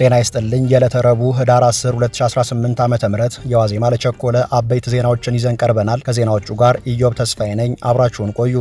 ጤና ይስጥልኝ። የዕለተ ረቡዕ ህዳር 10 2018 ዓ ም የዋዜማ ለቸኮለ አበይት ዜናዎችን ይዘን ቀርበናል። ከዜናዎቹ ጋር ኢዮብ ተስፋዬ ነኝ። አብራችሁን ቆዩ።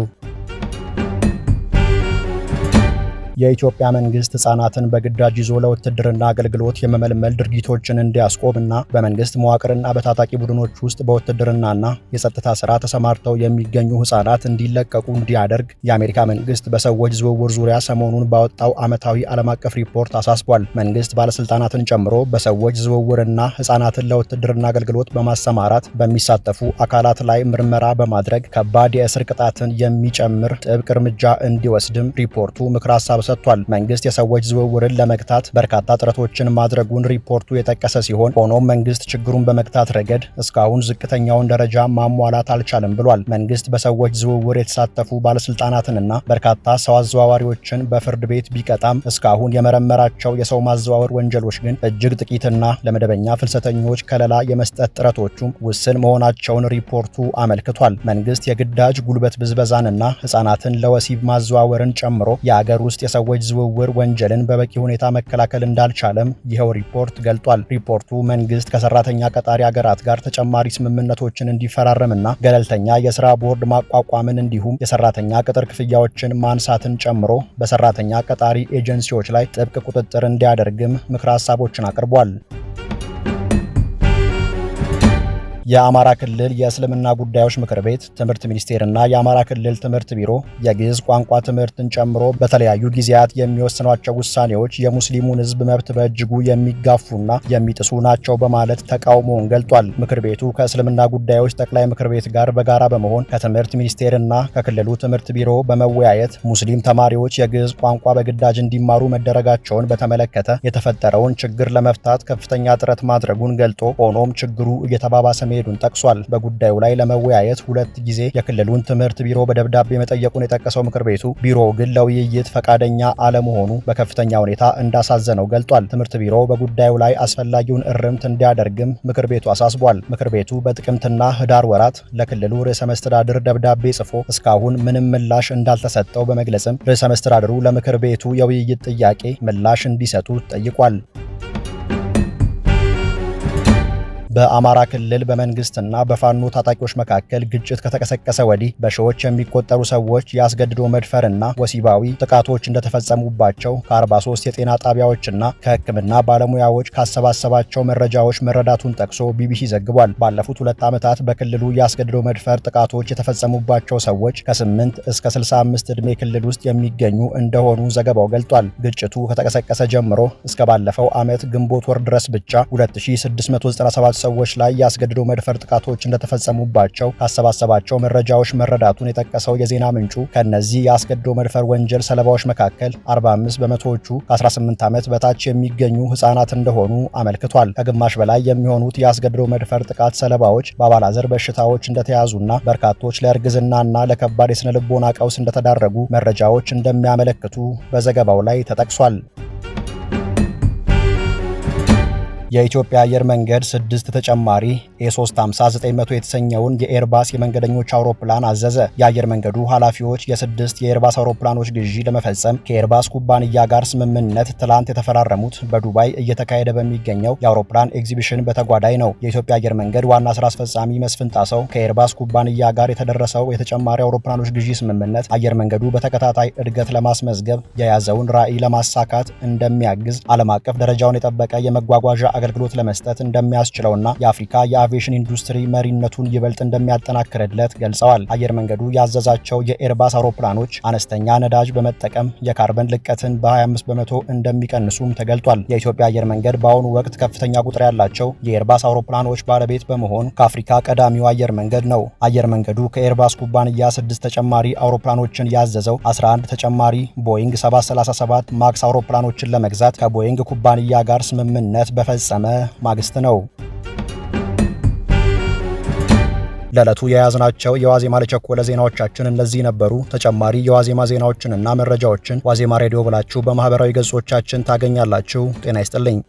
የኢትዮጵያ መንግስት ህጻናትን በግዳጅ ይዞ ለውትድርና አገልግሎት የመመልመል ድርጊቶችን እንዲያስቆምና በመንግስት መዋቅርና በታጣቂ ቡድኖች ውስጥ በውትድርናና የጸጥታ ስራ ተሰማርተው የሚገኙ ህጻናት እንዲለቀቁ እንዲያደርግ የአሜሪካ መንግስት በሰዎች ዝውውር ዙሪያ ሰሞኑን ባወጣው ዓመታዊ ዓለም አቀፍ ሪፖርት አሳስቧል። መንግስት ባለስልጣናትን ጨምሮ በሰዎች ዝውውርና ህጻናትን ለውትድርና አገልግሎት በማሰማራት በሚሳተፉ አካላት ላይ ምርመራ በማድረግ ከባድ የእስር ቅጣትን የሚጨምር ጥብቅ እርምጃ እንዲወስድም ሪፖርቱ ምክር ሀሳብ ሰጥቷል። መንግስት የሰዎች ዝውውርን ለመግታት በርካታ ጥረቶችን ማድረጉን ሪፖርቱ የጠቀሰ ሲሆን ሆኖም መንግስት ችግሩን በመግታት ረገድ እስካሁን ዝቅተኛውን ደረጃ ማሟላት አልቻለም ብሏል። መንግስት በሰዎች ዝውውር የተሳተፉ ባለስልጣናትንና በርካታ ሰው አዘዋዋሪዎችን በፍርድ ቤት ቢቀጣም እስካሁን የመረመራቸው የሰው ማዘዋወር ወንጀሎች ግን እጅግ ጥቂትና ለመደበኛ ፍልሰተኞች ከለላ የመስጠት ጥረቶቹም ውስን መሆናቸውን ሪፖርቱ አመልክቷል። መንግስት የግዳጅ ጉልበት ብዝበዛንና ህጻናትን ለወሲብ ማዘዋወርን ጨምሮ የአገር ውስጥ የሰዎች ዝውውር ወንጀልን በበቂ ሁኔታ መከላከል እንዳልቻለም ይኸው ሪፖርት ገልጧል። ሪፖርቱ መንግስት ከሰራተኛ ቀጣሪ አገራት ጋር ተጨማሪ ስምምነቶችን እንዲፈራረምና ገለልተኛ የስራ ቦርድ ማቋቋምን እንዲሁም የሰራተኛ ቅጥር ክፍያዎችን ማንሳትን ጨምሮ በሰራተኛ ቀጣሪ ኤጀንሲዎች ላይ ጥብቅ ቁጥጥር እንዲያደርግም ምክረ ሀሳቦችን አቅርቧል። የአማራ ክልል የእስልምና ጉዳዮች ምክር ቤት፣ ትምህርት ሚኒስቴርና የአማራ ክልል ትምህርት ቢሮ የግዕዝ ቋንቋ ትምህርትን ጨምሮ በተለያዩ ጊዜያት የሚወስኗቸው ውሳኔዎች የሙስሊሙን ሕዝብ መብት በእጅጉ የሚጋፉና የሚጥሱ ናቸው በማለት ተቃውሞውን ገልጧል። ምክር ቤቱ ከእስልምና ጉዳዮች ጠቅላይ ምክር ቤት ጋር በጋራ በመሆን ከትምህርት እና ከክልሉ ትምህርት ቢሮ በመወያየት ሙስሊም ተማሪዎች የግዕዝ ቋንቋ በግዳጅ እንዲማሩ መደረጋቸውን በተመለከተ የተፈጠረውን ችግር ለመፍታት ከፍተኛ ጥረት ማድረጉን ገልጦ ሆኖም ችግሩ እየተባባሰ መካሄዱን ጠቅሷል። በጉዳዩ ላይ ለመወያየት ሁለት ጊዜ የክልሉን ትምህርት ቢሮ በደብዳቤ መጠየቁን የጠቀሰው ምክር ቤቱ ቢሮው ግን ለውይይት ፈቃደኛ አለመሆኑ በከፍተኛ ሁኔታ እንዳሳዘነው ገልጧል። ትምህርት ቢሮ በጉዳዩ ላይ አስፈላጊውን እርምት እንዲያደርግም ምክር ቤቱ አሳስቧል። ምክር ቤቱ በጥቅምትና ህዳር ወራት ለክልሉ ርዕሰ መስተዳድር ደብዳቤ ጽፎ እስካሁን ምንም ምላሽ እንዳልተሰጠው በመግለጽም ርዕሰ መስተዳድሩ ለምክር ቤቱ የውይይት ጥያቄ ምላሽ እንዲሰጡ ጠይቋል። በአማራ ክልል በመንግስትና በፋኖ ታጣቂዎች መካከል ግጭት ከተቀሰቀሰ ወዲህ በሺዎች የሚቆጠሩ ሰዎች የአስገድዶ መድፈርና ወሲባዊ ጥቃቶች እንደተፈጸሙባቸው ከ43 የጤና ጣቢያዎችና ከህክምና ባለሙያዎች ካሰባሰባቸው መረጃዎች መረዳቱን ጠቅሶ ቢቢሲ ዘግቧል። ባለፉት ሁለት ዓመታት በክልሉ የአስገድዶ መድፈር ጥቃቶች የተፈጸሙባቸው ሰዎች ከ8 እስከ 65 ዕድሜ ክልል ውስጥ የሚገኙ እንደሆኑ ዘገባው ገልጧል። ግጭቱ ከተቀሰቀሰ ጀምሮ እስከ ባለፈው ዓመት ግንቦት ወር ድረስ ብቻ 2697 ሰዎች ላይ የአስገድዶ መድፈር ጥቃቶች እንደተፈጸሙባቸው ካሰባሰባቸው መረጃዎች መረዳቱን የጠቀሰው የዜና ምንጩ ከእነዚህ የአስገድዶ መድፈር ወንጀል ሰለባዎች መካከል 45 በመቶዎቹ ከ18 ዓመት በታች የሚገኙ ህጻናት እንደሆኑ አመልክቷል። ከግማሽ በላይ የሚሆኑት የአስገድዶ መድፈር ጥቃት ሰለባዎች በአባላዘር በሽታዎች እንደተያዙና በርካቶች ለእርግዝናና ለከባድ የስነ ልቦና ቀውስ እንደተዳረጉ መረጃዎች እንደሚያመለክቱ በዘገባው ላይ ተጠቅሷል። የኢትዮጵያ አየር መንገድ ስድስት ተጨማሪ a 350 900 የተሰኘውን የኤርባስ የመንገደኞች አውሮፕላን አዘዘ። የአየር መንገዱ ኃላፊዎች የስድስት የኤርባስ አውሮፕላኖች ግዢ ለመፈጸም ከኤርባስ ኩባንያ ጋር ስምምነት ትላንት የተፈራረሙት በዱባይ እየተካሄደ በሚገኘው የአውሮፕላን ኤግዚቢሽን በተጓዳኝ ነው። የኢትዮጵያ አየር መንገድ ዋና ስራ አስፈጻሚ መስፍን ጣሰው ከኤርባስ ኩባንያ ጋር የተደረሰው የተጨማሪ አውሮፕላኖች ግዢ ስምምነት አየር መንገዱ በተከታታይ እድገት ለማስመዝገብ የያዘውን ራዕይ ለማሳካት እንደሚያግዝ ዓለም አቀፍ ደረጃውን የጠበቀ የመጓጓዣ አገልግሎት ለመስጠት እንደሚያስችለውና የአፍሪካ የአቪዬሽን ኢንዱስትሪ መሪነቱን ይበልጥ እንደሚያጠናክርለት ገልጸዋል። አየር መንገዱ ያዘዛቸው የኤርባስ አውሮፕላኖች አነስተኛ ነዳጅ በመጠቀም የካርበን ልቀትን በ25 በመቶ እንደሚቀንሱም ተገልጧል። የኢትዮጵያ አየር መንገድ በአሁኑ ወቅት ከፍተኛ ቁጥር ያላቸው የኤርባስ አውሮፕላኖች ባለቤት በመሆን ከአፍሪካ ቀዳሚው አየር መንገድ ነው። አየር መንገዱ ከኤርባስ ኩባንያ ስድስት ተጨማሪ አውሮፕላኖችን ያዘዘው 11 ተጨማሪ ቦይንግ 737 ማክስ አውሮፕላኖችን ለመግዛት ከቦይንግ ኩባንያ ጋር ስምምነት በፈ በተፈጸመ ማግስት ነው። ለዕለቱ የያዝናቸው የዋዜማ ለቸኮለ ዜናዎቻችን እነዚህ ነበሩ። ተጨማሪ የዋዜማ ዜናዎችንና መረጃዎችን ዋዜማ ሬዲዮ ብላችሁ በማህበራዊ ገጾቻችን ታገኛላችሁ። ጤና ይስጥልኝ።